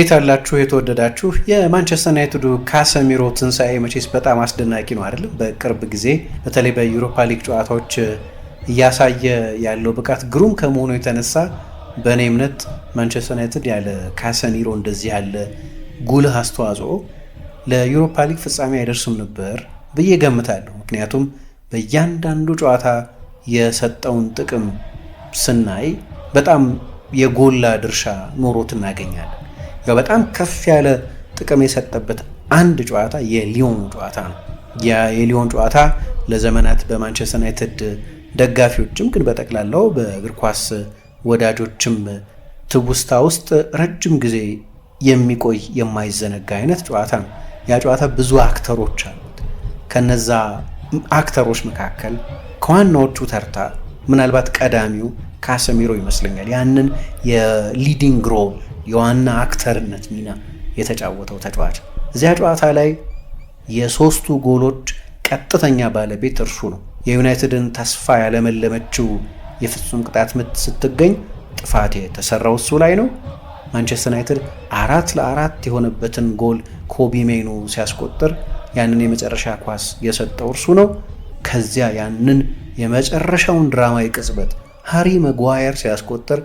እንዴት አላችሁ የተወደዳችሁ የማንቸስተር ዩናይትዱ ካሰሚሮ ትንሣኤ መቼስ በጣም አስደናቂ ነው አይደለም? በቅርብ ጊዜ በተለይ በዩሮፓ ሊግ ጨዋታዎች እያሳየ ያለው ብቃት ግሩም ከመሆኑ የተነሳ በእኔ እምነት ማንቸስተር ዩናይትድ ያለ ካሰሚሮ እንደዚህ ያለ ጉልህ አስተዋጽኦ ለዩሮፓ ሊግ ፍጻሜ አይደርስም ነበር ብዬ ገምታለሁ። ምክንያቱም በእያንዳንዱ ጨዋታ የሰጠውን ጥቅም ስናይ በጣም የጎላ ድርሻ ኖሮት እናገኛለን። በጣም ከፍ ያለ ጥቅም የሰጠበት አንድ ጨዋታ የሊዮን ጨዋታ ነው። የሊዮን ጨዋታ ለዘመናት በማንቸስተር ዩናይትድ ደጋፊዎችም ግን በጠቅላላው በእግር ኳስ ወዳጆችም ትውስታ ውስጥ ረጅም ጊዜ የሚቆይ የማይዘነጋ አይነት ጨዋታ ነው። ያ ጨዋታ ብዙ አክተሮች አሉት። ከነዛ አክተሮች መካከል ከዋናዎቹ ተርታ ምናልባት ቀዳሚው ካሰሚሮ ይመስለኛል ያንን የሊዲንግ ሮል የዋና አክተርነት ሚና የተጫወተው ተጫዋች። እዚያ ጨዋታ ላይ የሶስቱ ጎሎች ቀጥተኛ ባለቤት እርሱ ነው። የዩናይትድን ተስፋ ያለመለመችው የፍጹም ቅጣት ምት ስትገኝ ጥፋት የተሰራው እሱ ላይ ነው። ማንቸስተር ዩናይትድ አራት ለአራት የሆነበትን ጎል ኮቢ ሜኑ ሲያስቆጥር ያንን የመጨረሻ ኳስ የሰጠው እርሱ ነው። ከዚያ ያንን የመጨረሻውን ድራማዊ ቅጽበት ሃሪ መጓየር ሲያስቆጥር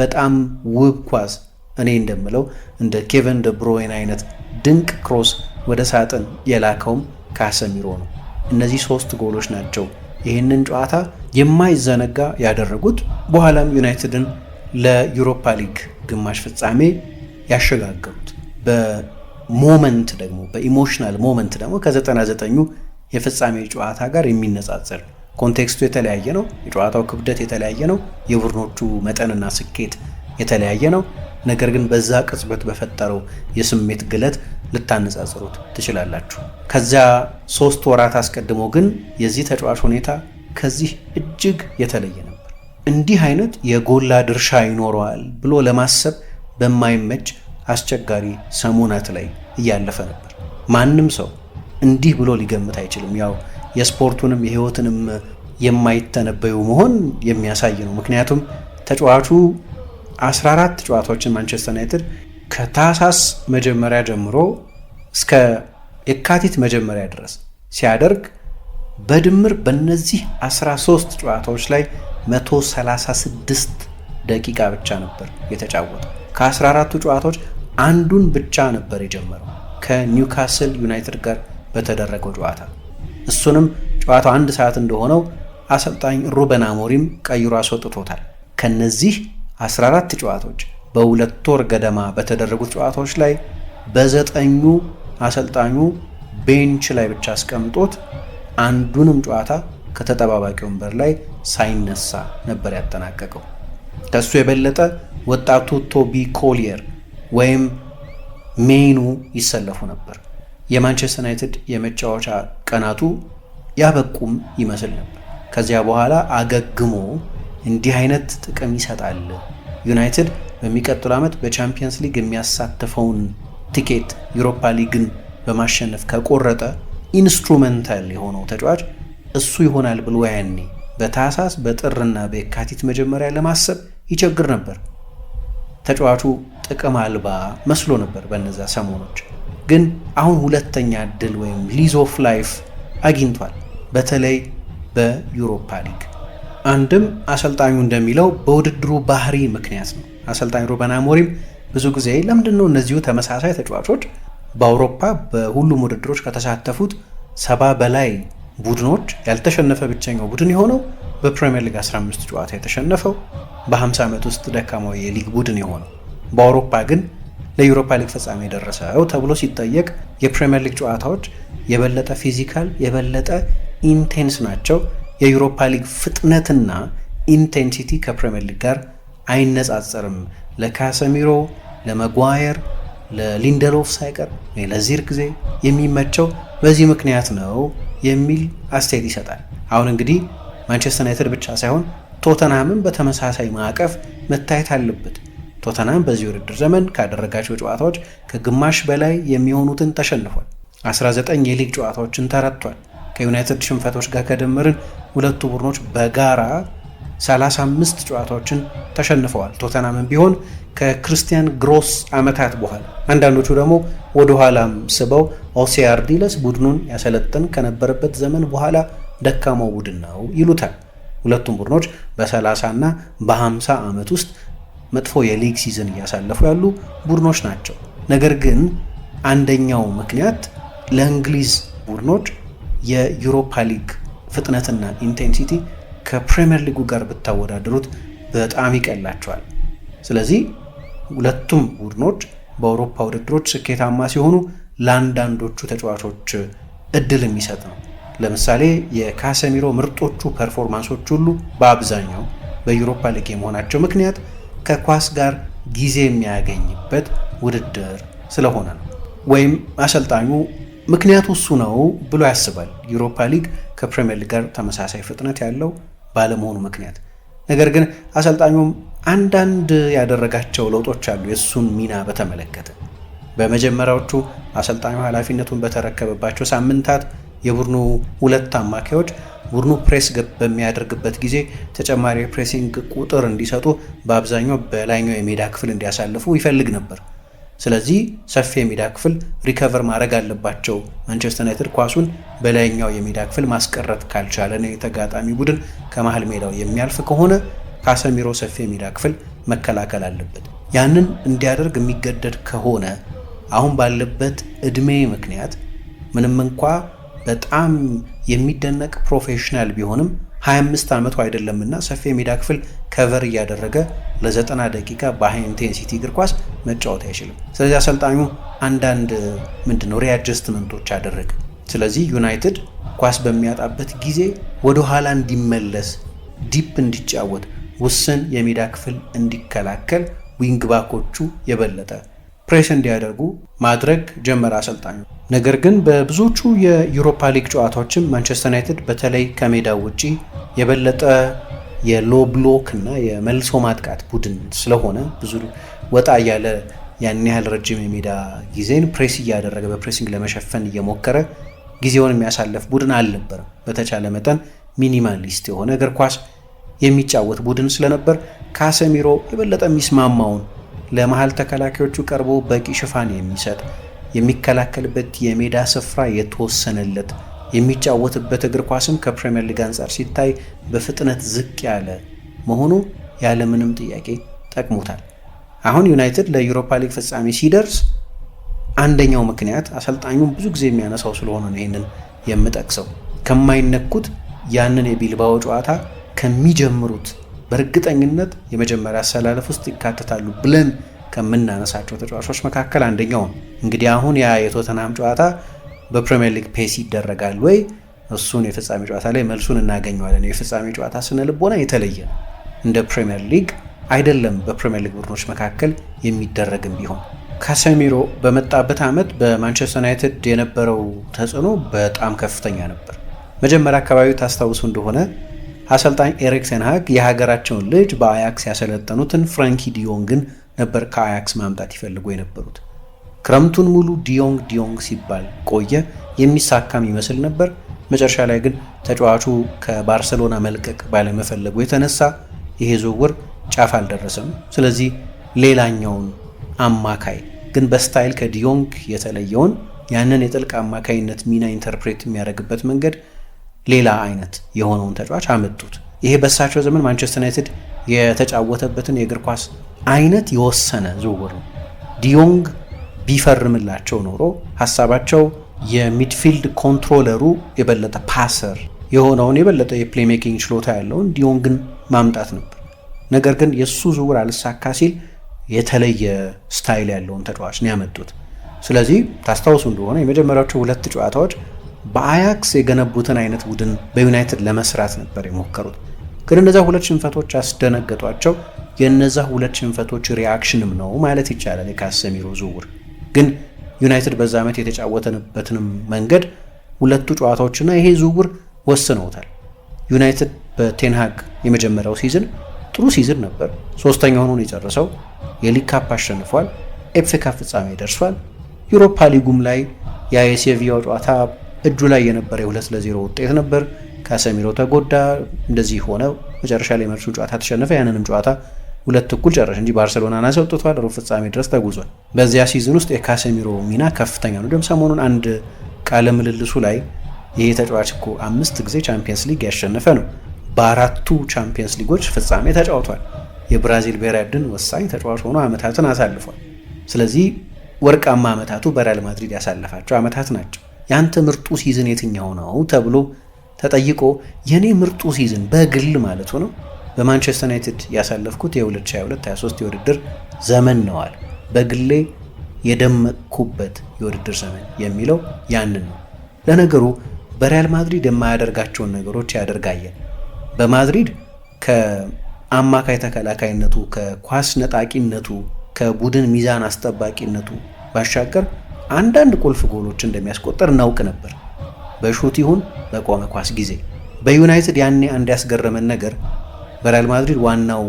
በጣም ውብ ኳስ እኔ እንደምለው እንደ ኬቨን ደብሮይን አይነት ድንቅ ክሮስ ወደ ሳጥን የላከውም ካሰሚሮ ነው። እነዚህ ሶስት ጎሎች ናቸው ይህንን ጨዋታ የማይዘነጋ ያደረጉት በኋላም ዩናይትድን ለዩሮፓ ሊግ ግማሽ ፍጻሜ ያሸጋገሩት። በሞመንት ደግሞ በኢሞሽናል ሞመንት ደግሞ ከ99ኙ የፍጻሜ ጨዋታ ጋር የሚነጻጸር ኮንቴክስቱ የተለያየ ነው። የጨዋታው ክብደት የተለያየ ነው። የቡድኖቹ መጠንና ስኬት የተለያየ ነው። ነገር ግን በዛ ቅጽበት በፈጠረው የስሜት ግለት ልታነጻጽሩት ትችላላችሁ። ከዚያ ሶስት ወራት አስቀድሞ ግን የዚህ ተጫዋች ሁኔታ ከዚህ እጅግ የተለየ ነበር። እንዲህ አይነት የጎላ ድርሻ ይኖረዋል ብሎ ለማሰብ በማይመች አስቸጋሪ ሰሞናት ላይ እያለፈ ነበር። ማንም ሰው እንዲህ ብሎ ሊገምት አይችልም ያው የስፖርቱንም የህይወትንም የማይተነበዩ መሆን የሚያሳይ ነው። ምክንያቱም ተጫዋቹ 14 ጨዋታዎችን ማንቸስተር ዩናይትድ ከታህሳስ መጀመሪያ ጀምሮ እስከ የካቲት መጀመሪያ ድረስ ሲያደርግ በድምር በነዚህ 13 ጨዋታዎች ላይ 136 ደቂቃ ብቻ ነበር የተጫወተው። ከ14ቱ ጨዋታዎች አንዱን ብቻ ነበር የጀመረው ከኒውካስል ዩናይትድ ጋር በተደረገው ጨዋታ እሱንም ጨዋታው አንድ ሰዓት እንደሆነው አሰልጣኝ ሩበን አሞሪም ቀይሮ አስወጥቶታል። ከነዚህ 14 ጨዋታዎች በሁለት ወር ገደማ በተደረጉት ጨዋታዎች ላይ በዘጠኙ አሰልጣኙ ቤንች ላይ ብቻ አስቀምጦት አንዱንም ጨዋታ ከተጠባባቂ ወንበር ላይ ሳይነሳ ነበር ያጠናቀቀው። ከሱ የበለጠ ወጣቱ ቶቢ ኮሊየር ወይም ሜኑ ይሰለፉ ነበር። የማንቸስተር ዩናይትድ የመጫወቻ ቀናቱ ያበቁም ይመስል ነበር። ከዚያ በኋላ አገግሞ እንዲህ አይነት ጥቅም ይሰጣል ዩናይትድ በሚቀጥሉ ዓመት በቻምፒየንስ ሊግ የሚያሳትፈውን ቲኬት ዩሮፓ ሊግን በማሸነፍ ከቆረጠ ኢንስትሩመንታል የሆነው ተጫዋች እሱ ይሆናል ብሎ ያኔ በታህሳስ በጥርና በየካቲት መጀመሪያ ለማሰብ ይቸግር ነበር። ተጫዋቹ ጥቅም አልባ መስሎ ነበር በእነዚያ ሰሞኖች። ግን አሁን ሁለተኛ እድል ወይም ሊዝ ኦፍ ላይፍ አግኝቷል። በተለይ በዩሮፓ ሊግ አንድም አሰልጣኙ እንደሚለው በውድድሩ ባህሪ ምክንያት ነው። አሰልጣኝ ሩበን አሞሪም ብዙ ጊዜ ለምንድን ነው እነዚሁ ተመሳሳይ ተጫዋቾች በአውሮፓ በሁሉም ውድድሮች ከተሳተፉት ሰባ በላይ ቡድኖች ያልተሸነፈ ብቸኛው ቡድን የሆነው በፕሪምየር ሊግ 15 ጨዋታ የተሸነፈው በ50 ዓመት ውስጥ ደካማው የሊግ ቡድን የሆነው በአውሮፓ ግን ለዩሮፓ ሊግ ፍጻሜ የደረሰው ተብሎ ሲጠየቅ የፕሪምየር ሊግ ጨዋታዎች የበለጠ ፊዚካል የበለጠ ኢንቴንስ ናቸው። የዩሮፓ ሊግ ፍጥነትና ኢንቴንሲቲ ከፕሪምየር ሊግ ጋር አይነጻጸርም። ለካሰሚሮ፣ ለመጓየር፣ ለሊንደሎፍ ሳይቀር ለዚህ ጊዜ የሚመቸው በዚህ ምክንያት ነው የሚል አስተያየት ይሰጣል። አሁን እንግዲህ ማንቸስተር ዩናይትድ ብቻ ሳይሆን ቶተንሃምን በተመሳሳይ ማዕቀፍ መታየት አለበት። ቶተናም በዚህ ውድድር ዘመን ካደረጋቸው ጨዋታዎች ከግማሽ በላይ የሚሆኑትን ተሸንፏል። 19 የሊግ ጨዋታዎችን ተረቷል። ከዩናይትድ ሽንፈቶች ጋር ከደመርን ሁለቱ ቡድኖች በጋራ 35 ጨዋታዎችን ተሸንፈዋል። ቶተናምን ቢሆን ከክርስቲያን ግሮስ ዓመታት በኋላ አንዳንዶቹ ደግሞ ወደኋላም ስበው ኦሴ ቡድኑን ያሰለጠን ከነበረበት ዘመን በኋላ ደካማው ቡድን ነው ይሉታል። ሁለቱም ቡድኖች በ30 እና በ50 ዓመት ውስጥ መጥፎ የሊግ ሲዝን እያሳለፉ ያሉ ቡድኖች ናቸው። ነገር ግን አንደኛው ምክንያት ለእንግሊዝ ቡድኖች የዩሮፓ ሊግ ፍጥነትና ኢንቴንሲቲ ከፕሪምየር ሊጉ ጋር ብታወዳደሩት በጣም ይቀላቸዋል። ስለዚህ ሁለቱም ቡድኖች በአውሮፓ ውድድሮች ስኬታማ ሲሆኑ ለአንዳንዶቹ ተጫዋቾች እድል የሚሰጥ ነው። ለምሳሌ የካሰሚሮ ምርጦቹ ፐርፎርማንሶች ሁሉ በአብዛኛው በዩሮፓ ሊግ የመሆናቸው ምክንያት ከኳስ ጋር ጊዜ የሚያገኝበት ውድድር ስለሆነ ነው። ወይም አሰልጣኙ ምክንያቱ እሱ ነው ብሎ ያስባል። ዩሮፓ ሊግ ከፕሪምየር ሊግ ጋር ተመሳሳይ ፍጥነት ያለው ባለመሆኑ ምክንያት ነገር ግን አሰልጣኙም አንዳንድ ያደረጋቸው ለውጦች አሉ። የእሱን ሚና በተመለከተ በመጀመሪያዎቹ አሰልጣኙ ኃላፊነቱን በተረከበባቸው ሳምንታት የቡድኑ ሁለት አማካዮች ቡድኑ ፕሬስ በሚያደርግበት ጊዜ ተጨማሪ የፕሬሲንግ ቁጥር እንዲሰጡ በአብዛኛው በላይኛው የሜዳ ክፍል እንዲያሳልፉ ይፈልግ ነበር። ስለዚህ ሰፊ የሜዳ ክፍል ሪከቨር ማድረግ አለባቸው። ማንቸስተር ዩናይትድ ኳሱን በላይኛው የሜዳ ክፍል ማስቀረት ካልቻለ ነው የተጋጣሚ ቡድን ከመሀል ሜዳው የሚያልፍ ከሆነ ካሰሚሮ ሰፊ የሜዳ ክፍል መከላከል አለበት። ያንን እንዲያደርግ የሚገደድ ከሆነ አሁን ባለበት እድሜ ምክንያት ምንም እንኳ በጣም የሚደነቅ ፕሮፌሽናል ቢሆንም 25 ዓመቱ አይደለምና ሰፊ የሜዳ ክፍል ከቨር እያደረገ ለ90 ደቂቃ በሃይ ኢንቴንሲቲ እግር ኳስ መጫወት አይችልም። ስለዚህ አሰልጣኙ አንዳንድ ምንድነው ሪአጀስትመንቶች አደረገ። ስለዚህ ዩናይትድ ኳስ በሚያጣበት ጊዜ ወደኋላ እንዲመለስ፣ ዲፕ እንዲጫወት፣ ውስን የሜዳ ክፍል እንዲከላከል ዊንግ ባኮቹ የበለጠ ፕሬስ እንዲያደርጉ ማድረግ ጀመረ አሰልጣኙ። ነገር ግን በብዙዎቹ የዩሮፓ ሊግ ጨዋታዎችም ማንቸስተር ዩናይትድ በተለይ ከሜዳ ውጪ የበለጠ የሎ ብሎክ እና የመልሶ ማጥቃት ቡድን ስለሆነ ብዙ ወጣ እያለ ያን ያህል ረጅም የሜዳ ጊዜን ፕሬስ እያደረገ በፕሬሲንግ ለመሸፈን እየሞከረ ጊዜውን የሚያሳለፍ ቡድን አልነበርም። በተቻለ መጠን ሚኒማሊስት የሆነ እግር ኳስ የሚጫወት ቡድን ስለነበር ካሰሚሮ የበለጠ የሚስማማውን ለመሀል ተከላካዮቹ ቀርቦ በቂ ሽፋን የሚሰጥ የሚከላከልበት የሜዳ ስፍራ የተወሰነለት የሚጫወትበት እግር ኳስም ከፕሪምየር ሊግ አንጻር ሲታይ በፍጥነት ዝቅ ያለ መሆኑ ያለምንም ጥያቄ ጠቅሞታል። አሁን ዩናይትድ ለዩሮፓ ሊግ ፍጻሜ ሲደርስ አንደኛው ምክንያት አሰልጣኙም ብዙ ጊዜ የሚያነሳው ስለሆነ ነው ይህንን የምጠቅሰው ከማይነኩት ያንን የቢልባኦ ጨዋታ ከሚጀምሩት በእርግጠኝነት የመጀመሪያ አሰላለፍ ውስጥ ይካተታሉ ብለን ከምናነሳቸው ተጫዋቾች መካከል አንደኛው ነው። እንግዲህ አሁን ያ የቶተናም ጨዋታ በፕሪሚየር ሊግ ፔስ ይደረጋል ወይ? እሱን የፍጻሜ ጨዋታ ላይ መልሱን እናገኘዋለን። የፍጻሜ ጨዋታ ስነ ልቦና የተለየ ነው። እንደ ፕሪምየር ሊግ አይደለም። በፕሪምየር ሊግ ቡድኖች መካከል የሚደረግም ቢሆን ካሰሚሮ በመጣበት ዓመት በማንቸስተር ዩናይትድ የነበረው ተጽዕኖ በጣም ከፍተኛ ነበር። መጀመሪያ አካባቢ ታስታውሱ እንደሆነ አሰልጣኝ ኤሪክ ቴንሃግ የሀገራቸውን ልጅ በአያክስ ያሰለጠኑትን ፍራንኪ ዲዮንግን ነበር ከአያክስ ማምጣት ይፈልጉ የነበሩት። ክረምቱን ሙሉ ዲዮንግ ዲዮንግ ሲባል ቆየ። የሚሳካም ይመስል ነበር። መጨረሻ ላይ ግን ተጫዋቹ ከባርሰሎና መልቀቅ ባለመፈለጉ የተነሳ ይሄ ዝውውር ጫፍ አልደረሰም። ስለዚህ ሌላኛውን አማካይ ግን በስታይል ከዲዮንግ የተለየውን ያንን የጥልቅ አማካይነት ሚና ኢንተርፕሬት የሚያደርግበት መንገድ ሌላ አይነት የሆነውን ተጫዋች አመጡት። ይሄ በሳቸው ዘመን ማንቸስተር ዩናይትድ የተጫወተበትን የእግር ኳስ አይነት የወሰነ ዝውውር ነው። ዲዮንግ ቢፈርምላቸው ኖሮ ሀሳባቸው የሚድፊልድ ኮንትሮለሩ የበለጠ ፓሰር የሆነውን የበለጠ የፕሌሜኪንግ ችሎታ ያለውን ዲዮንግን ማምጣት ነበር። ነገር ግን የእሱ ዝውውር አልሳካ ሲል የተለየ ስታይል ያለውን ተጫዋች ነው ያመጡት። ስለዚህ ታስታውሱ እንደሆነ የመጀመሪያዎቹ ሁለት ጨዋታዎች በአያክስ የገነቡትን አይነት ቡድን በዩናይትድ ለመስራት ነበር የሞከሩት። ግን እነዚ ሁለት ሽንፈቶች አስደነገጧቸው። የነዚ ሁለት ሽንፈቶች ሪያክሽንም ነው ማለት ይቻላል የካሰሚሮ ዝውውር። ግን ዩናይትድ በዛ ዓመት የተጫወተንበትንም መንገድ ሁለቱ ጨዋታዎችና ይሄ ዝውውር ወስነውታል። ዩናይትድ በቴንሃግ የመጀመሪያው ሲዝን ጥሩ ሲዝን ነበር። ሶስተኛ ሆኖን የጨረሰው የሊግ ካፕ አሸንፏል። ኤፍኤ ፍጻሜ ደርሷል። ዩሮፓ ሊጉም ላይ ያ የሴቪያው ጨዋታ እጁ ላይ የነበረ የሁለት ለዜሮ ውጤት ነበር። ካሰሚሮ ተጎዳ፣ እንደዚህ ሆነ። መጨረሻ ላይ መልሱን ጨዋታ ተሸነፈ። ያንንም ጨዋታ ሁለት እኩል ጨረሽ እንጂ ባርሰሎና ናስ ሩብ ፍጻሜ ድረስ ተጉዟል። በዚያ ሲዝን ውስጥ የካሰሚሮ ሚና ከፍተኛ ነው። ደም ሰሞኑን አንድ ቃለ ምልልሱ ላይ ይሄ ተጫዋች እኮ አምስት ጊዜ ቻምፒየንስ ሊግ ያሸነፈ ነው። በአራቱ ቻምፒየንስ ሊጎች ፍጻሜ ተጫውቷል። የብራዚል ብሔራዊ ቡድን ወሳኝ ተጫዋች ሆኖ ዓመታትን አሳልፏል። ስለዚህ ወርቃማ ዓመታቱ በሪያል ማድሪድ ያሳለፋቸው ዓመታት ናቸው። ያንተ ምርጡ ሲዝን የትኛው ነው ተብሎ ተጠይቆ የኔ ምርጡ ሲዝን በግል ማለቱ ነው በማንቸስተር ዩናይትድ ያሳለፍኩት የ2022/23 የውድድር ዘመን ነዋል በግሌ የደመቅኩበት የውድድር ዘመን የሚለው ያንን ነው። ለነገሩ በሪያል ማድሪድ የማያደርጋቸውን ነገሮች ያደርጋየ። በማድሪድ ከአማካይ ተከላካይነቱ፣ ከኳስ ነጣቂነቱ፣ ከቡድን ሚዛን አስጠባቂነቱ ባሻገር አንዳንድ ቁልፍ ጎሎች እንደሚያስቆጠር እናውቅ ነበር። በሹት ይሁን በቆመ ኳስ ጊዜ በዩናይትድ ያኔ አንድ ያስገረመን ነገር በሪያል ማድሪድ ዋናው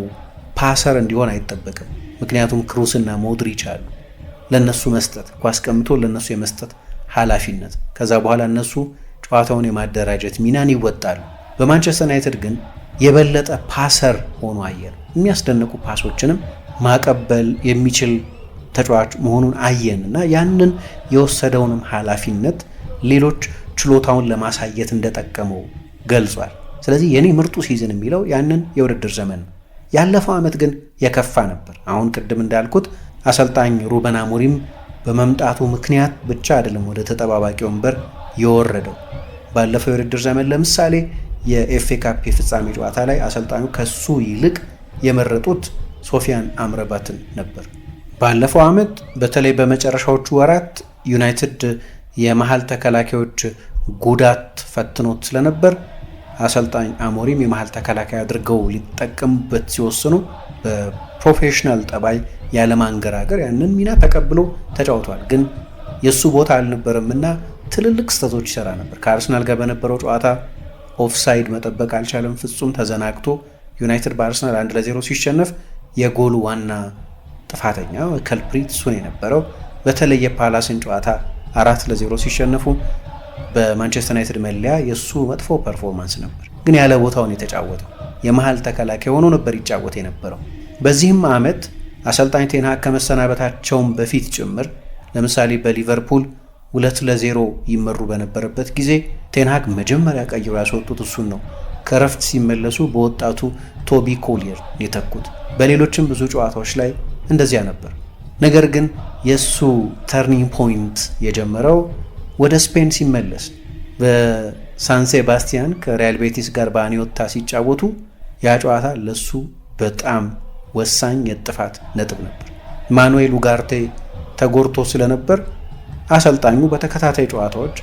ፓሰር እንዲሆን አይጠበቅም። ምክንያቱም ክሩስና ሞድሪች አሉ። ለነሱ መስጠት ኳስ ቀምቶ ለነሱ የመስጠት ኃላፊነት፣ ከዛ በኋላ እነሱ ጨዋታውን የማደራጀት ሚናን ይወጣሉ። በማንቸስተር ዩናይትድ ግን የበለጠ ፓሰር ሆኖ አየር የሚያስደንቁ ፓሶችንም ማቀበል የሚችል ተጫዋች መሆኑን አየን እና ያንን የወሰደውንም ኃላፊነት ሌሎች ችሎታውን ለማሳየት እንደጠቀመው ገልጿል። ስለዚህ የኔ ምርጡ ሲዝን የሚለው ያንን የውድድር ዘመን ነው። ያለፈው ዓመት ግን የከፋ ነበር። አሁን ቅድም እንዳልኩት አሰልጣኝ ሩበን አሞሪም በመምጣቱ ምክንያት ብቻ አይደለም ወደ ተጠባባቂ ወንበር የወረደው። ባለፈው የውድድር ዘመን ለምሳሌ የኤፌ ካፕ የፍጻሜ ጨዋታ ላይ አሰልጣኙ ከሱ ይልቅ የመረጡት ሶፊያን አምረባትን ነበር። ባለፈው ዓመት በተለይ በመጨረሻዎቹ ወራት ዩናይትድ የመሀል ተከላካዮች ጉዳት ፈትኖት ስለነበር አሰልጣኝ አሞሪም የመሀል ተከላካይ አድርገው ሊጠቀሙበት ሲወስኑ በፕሮፌሽናል ጠባይ ያለማንገራገር ያንን ሚና ተቀብሎ ተጫውቷል። ግን የእሱ ቦታ አልነበረም እና ትልልቅ ስህተቶች ይሰራ ነበር። ከአርሰናል ጋር በነበረው ጨዋታ ኦፍሳይድ መጠበቅ አልቻለም። ፍጹም ተዘናግቶ ዩናይትድ በአርሰናል አንድ ለዜሮ ሲሸነፍ የጎሉ ዋና ጥፋተኛው ከልፕሪት ሱን የነበረው በተለይ የፓላስን ጨዋታ አራት ለዜሮ ሲሸነፉ በማንቸስተር ዩናይትድ መለያ የእሱ መጥፎ ፐርፎርማንስ ነበር። ግን ያለ ቦታውን የተጫወተው የመሀል ተከላካይ ሆኖ ነበር ይጫወት የነበረው። በዚህም ዓመት አሰልጣኝ ቴንሃ ከመሰናበታቸውም በፊት ጭምር ለምሳሌ በሊቨርፑል ሁለት ለዜሮ ይመሩ በነበረበት ጊዜ ቴንሃግ መጀመሪያ ቀይሮ ያስወጡት እሱን ነው። ከረፍት ሲመለሱ በወጣቱ ቶቢ ኮሊየር የተኩት። በሌሎችም ብዙ ጨዋታዎች ላይ እንደዚያ ነበር። ነገር ግን የእሱ ተርኒንግ ፖይንት የጀመረው ወደ ስፔን ሲመለስ በሳን ሴባስቲያን ከሪያል ቤቲስ ጋር በአኒዮታ ሲጫወቱ ያ ጨዋታ ለሱ በጣም ወሳኝ የጥፋት ነጥብ ነበር። ማኑኤል ኡጋርቴ ተጎድቶ ስለነበር አሰልጣኙ በተከታታይ ጨዋታዎች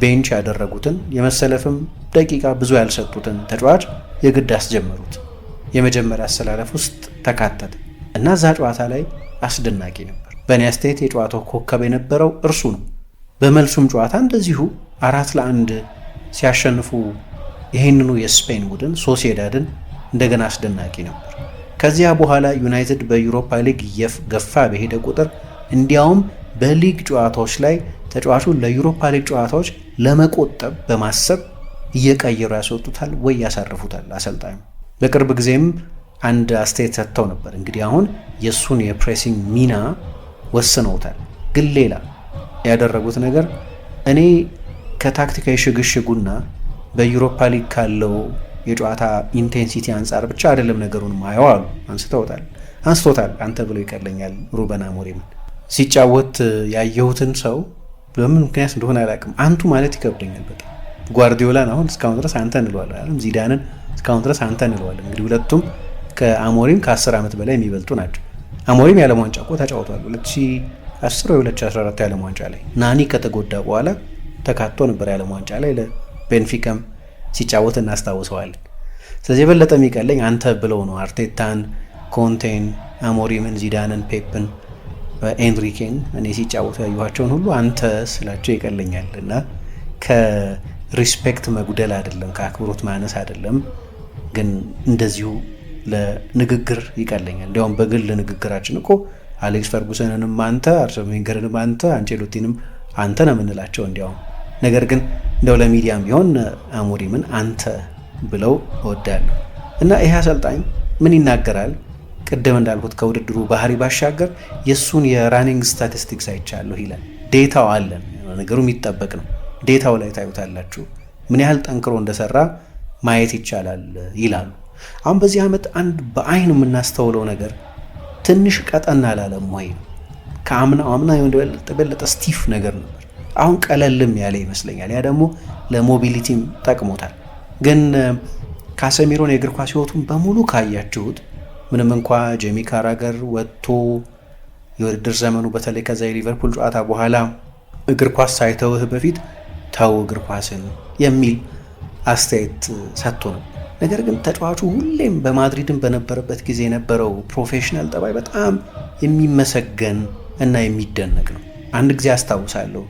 ቤንች ያደረጉትን የመሰለፍም ደቂቃ ብዙ ያልሰጡትን ተጫዋች የግድ አስጀመሩት። የመጀመሪያ አሰላለፍ ውስጥ ተካተተ። እና እዛ ጨዋታ ላይ አስደናቂ ነበር። በእኔ አስተያየት የጨዋታው ኮከብ የነበረው እርሱ ነው። በመልሱም ጨዋታ እንደዚሁ አራት ለአንድ ሲያሸንፉ ይህንኑ የስፔን ቡድን ሶሲዳድን እንደገና አስደናቂ ነበር። ከዚያ በኋላ ዩናይትድ በዩሮፓ ሊግ ገፋ በሄደ ቁጥር እንዲያውም በሊግ ጨዋታዎች ላይ ተጫዋቹን ለዩሮፓ ሊግ ጨዋታዎች ለመቆጠብ በማሰብ እየቀየሩ ያስወጡታል ወይ ያሳርፉታል አሰልጣኙ። በቅርብ ጊዜም አንድ አስተያየት ሰጥተው ነበር። እንግዲህ አሁን የእሱን የፕሬሲንግ ሚና ወስነውታል። ግን ሌላ ያደረጉት ነገር እኔ ከታክቲካዊ ሽግሽጉና በዩሮፓ ሊግ ካለው የጨዋታ ኢንቴንሲቲ አንጻር ብቻ አይደለም ነገሩን ማየው አሉ። አንስተውታል አንስቶታል አንተ ብሎ ይቀለኛል ሩበን አሞሪምን ሲጫወት ያየሁትን ሰው በምን ምክንያት እንደሆነ አላውቅም አንቱ ማለት ይከብደኛል በጣም ጓርዲዮላን አሁን እስካሁን ድረስ አንተ እንለዋለን ዚዳንን እስካሁን ድረስ አንተ እንለዋለን እንግዲህ ሁለቱም ከአሞሪም ከ10 ዓመት በላይ የሚበልጡ ናቸው። አሞሪም የዓለም ዋንጫ እኮ ተጫውቷል 2010 ወይ 2014 የዓለም ዋንጫ ላይ ናኒ ከተጎዳ በኋላ ተካቶ ነበር የዓለም ዋንጫ ላይ ለቤንፊካም ሲጫወት እናስታውሰዋለን። ስለዚህ የበለጠ የሚቀለኝ አንተ ብለው ነው አርቴታን፣ ኮንቴን፣ አሞሪምን፣ ዚዳንን፣ ፔፕን ኤንሪኬን እኔ ሲጫወቱ ያየኋቸውን ሁሉ አንተ ስላቸው ይቀለኛል እና ከሪስፔክት መጉደል አይደለም፣ ከአክብሮት ማነስ አይደለም ግን እንደዚሁ ለንግግር ይቀለኛል። እንዲያውም በግል ንግግራችን እኮ አሌክስ ፈርጉሰንንም አንተ፣ አርሰን ቬንገርንም አንተ፣ አንቼሎቲንም አንተ ነው የምንላቸው። እንዲያውም ነገር ግን እንደው ለሚዲያም ቢሆን አሞሪምን አንተ ብለው እወዳለሁ እና ይህ አሰልጣኝ ምን ይናገራል? ቅድም እንዳልኩት ከውድድሩ ባህሪ ባሻገር የእሱን የራኒንግ ስታቲስቲክስ አይቻለሁ ይላል። ዴታው አለን፣ ነገሩ የሚጠበቅ ነው። ዴታው ላይ ታዩታላችሁ ምን ያህል ጠንክሮ እንደሰራ ማየት ይቻላል ይላሉ። አሁን በዚህ ዓመት አንድ በአይን የምናስተውለው ነገር ትንሽ ቀጠን አላለም ወይ? ከአምና አምና የበለጠ ስቲፍ ነገር ነበር። አሁን ቀለልም ያለ ይመስለኛል። ያ ደግሞ ለሞቢሊቲም ጠቅሞታል። ግን ካሰሚሮን የእግር ኳስ ህይወቱን በሙሉ ካያችሁት ምንም እንኳ ጄሚ ካራገር ወጥቶ የውድድር ዘመኑ በተለይ ከዛ የሊቨርፑል ጨዋታ በኋላ እግር ኳስ ሳይተውህ በፊት ተው እግር ኳስን የሚል አስተያየት ሰጥቶ ነው ነገር ግን ተጫዋቹ ሁሌም በማድሪድን በነበረበት ጊዜ የነበረው ፕሮፌሽናል ጠባይ በጣም የሚመሰገን እና የሚደነቅ ነው። አንድ ጊዜ አስታውሳለሁ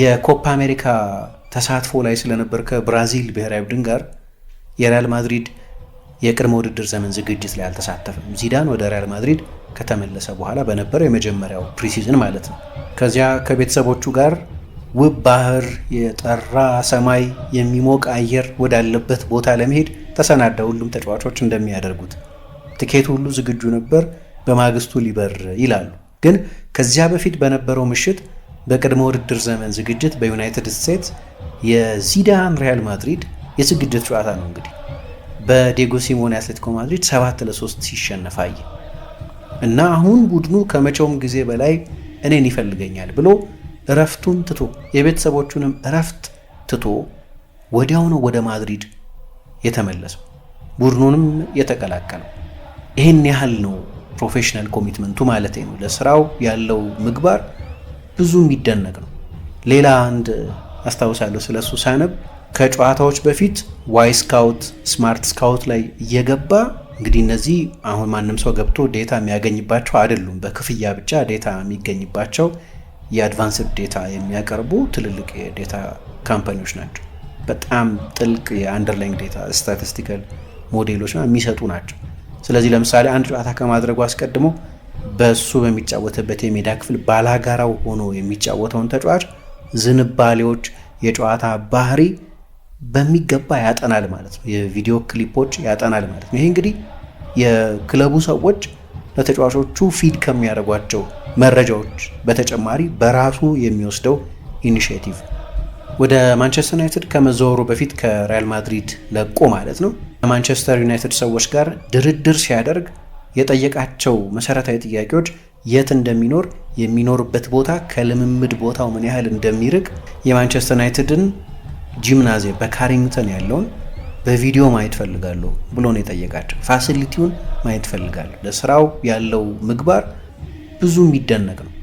የኮፓ አሜሪካ ተሳትፎ ላይ ስለነበር ከብራዚል ብሔራዊ ቡድን ጋር የሪያል ማድሪድ የቅድመ ውድድር ዘመን ዝግጅት ላይ አልተሳተፈም። ዚዳን ወደ ሪያል ማድሪድ ከተመለሰ በኋላ በነበረው የመጀመሪያው ፕሪሲዝን ማለት ነው። ከዚያ ከቤተሰቦቹ ጋር ውብ ባህር፣ የጠራ ሰማይ፣ የሚሞቅ አየር ወዳለበት ቦታ ለመሄድ ተሰናዳ። ሁሉም ተጫዋቾች እንደሚያደርጉት ትኬቱ ሁሉ ዝግጁ ነበር፣ በማግስቱ ሊበር ይላሉ። ግን ከዚያ በፊት በነበረው ምሽት በቅድመ ውድድር ዘመን ዝግጅት በዩናይትድ ስቴትስ የዚዳን ሪያል ማድሪድ የዝግጅት ጨዋታ ነው እንግዲህ በዴጎ ሲሞኔ አትሌቲኮ ማድሪድ 7 ለ3 ሲሸነፍ አየ እና አሁን ቡድኑ ከመቼውም ጊዜ በላይ እኔን ይፈልገኛል ብሎ እረፍቱን ትቶ የቤተሰቦቹንም እረፍት ትቶ ወዲያው ነው ወደ ማድሪድ የተመለሰው ቡድኑንም የተቀላቀለው። ይህን ያህል ነው ፕሮፌሽናል ኮሚትመንቱ ማለት ነው። ለስራው ያለው ምግባር ብዙ የሚደነቅ ነው። ሌላ አንድ አስታውሳለሁ ስለሱ ሳነብ ከጨዋታዎች በፊት ዋይ ስካውት፣ ስማርት ስካውት ላይ እየገባ እንግዲህ እነዚህ አሁን ማንም ሰው ገብቶ ዴታ የሚያገኝባቸው አይደሉም። በክፍያ ብቻ ዴታ የሚገኝባቸው የአድቫንስድ ዴታ የሚያቀርቡ ትልልቅ የዴታ ካምፓኒዎች ናቸው። በጣም ጥልቅ የአንደርላይንግ ዴታ ስታቲስቲካል ሞዴሎች የሚሰጡ ናቸው። ስለዚህ ለምሳሌ አንድ ጨዋታ ከማድረጉ አስቀድሞ በሱ በሚጫወትበት የሜዳ ክፍል ባላጋራው ሆኖ የሚጫወተውን ተጫዋች ዝንባሌዎች፣ የጨዋታ ባህሪ በሚገባ ያጠናል ማለት ነው። የቪዲዮ ክሊፖች ያጠናል ማለት ነው። ይሄ እንግዲህ የክለቡ ሰዎች ለተጫዋቾቹ ፊድ ከሚያደርጓቸው መረጃዎች በተጨማሪ በራሱ የሚወስደው ኢኒሽቲቭ ወደ ማንቸስተር ዩናይትድ ከመዘወሩ በፊት ከሪያል ማድሪድ ለቆ ማለት ነው ከማንቸስተር ዩናይትድ ሰዎች ጋር ድርድር ሲያደርግ የጠየቃቸው መሰረታዊ ጥያቄዎች የት እንደሚኖር፣ የሚኖርበት ቦታ ከልምምድ ቦታው ምን ያህል እንደሚርቅ፣ የማንቸስተር ዩናይትድን ጂምናዚየም በካሪንግተን ያለውን በቪዲዮ ማየት ፈልጋሉ ብሎ ነው የጠየቃቸው። ፋሲሊቲውን ማየት ፈልጋሉ። ለስራው ያለው ምግባር ብዙ የሚደነቅ ነው።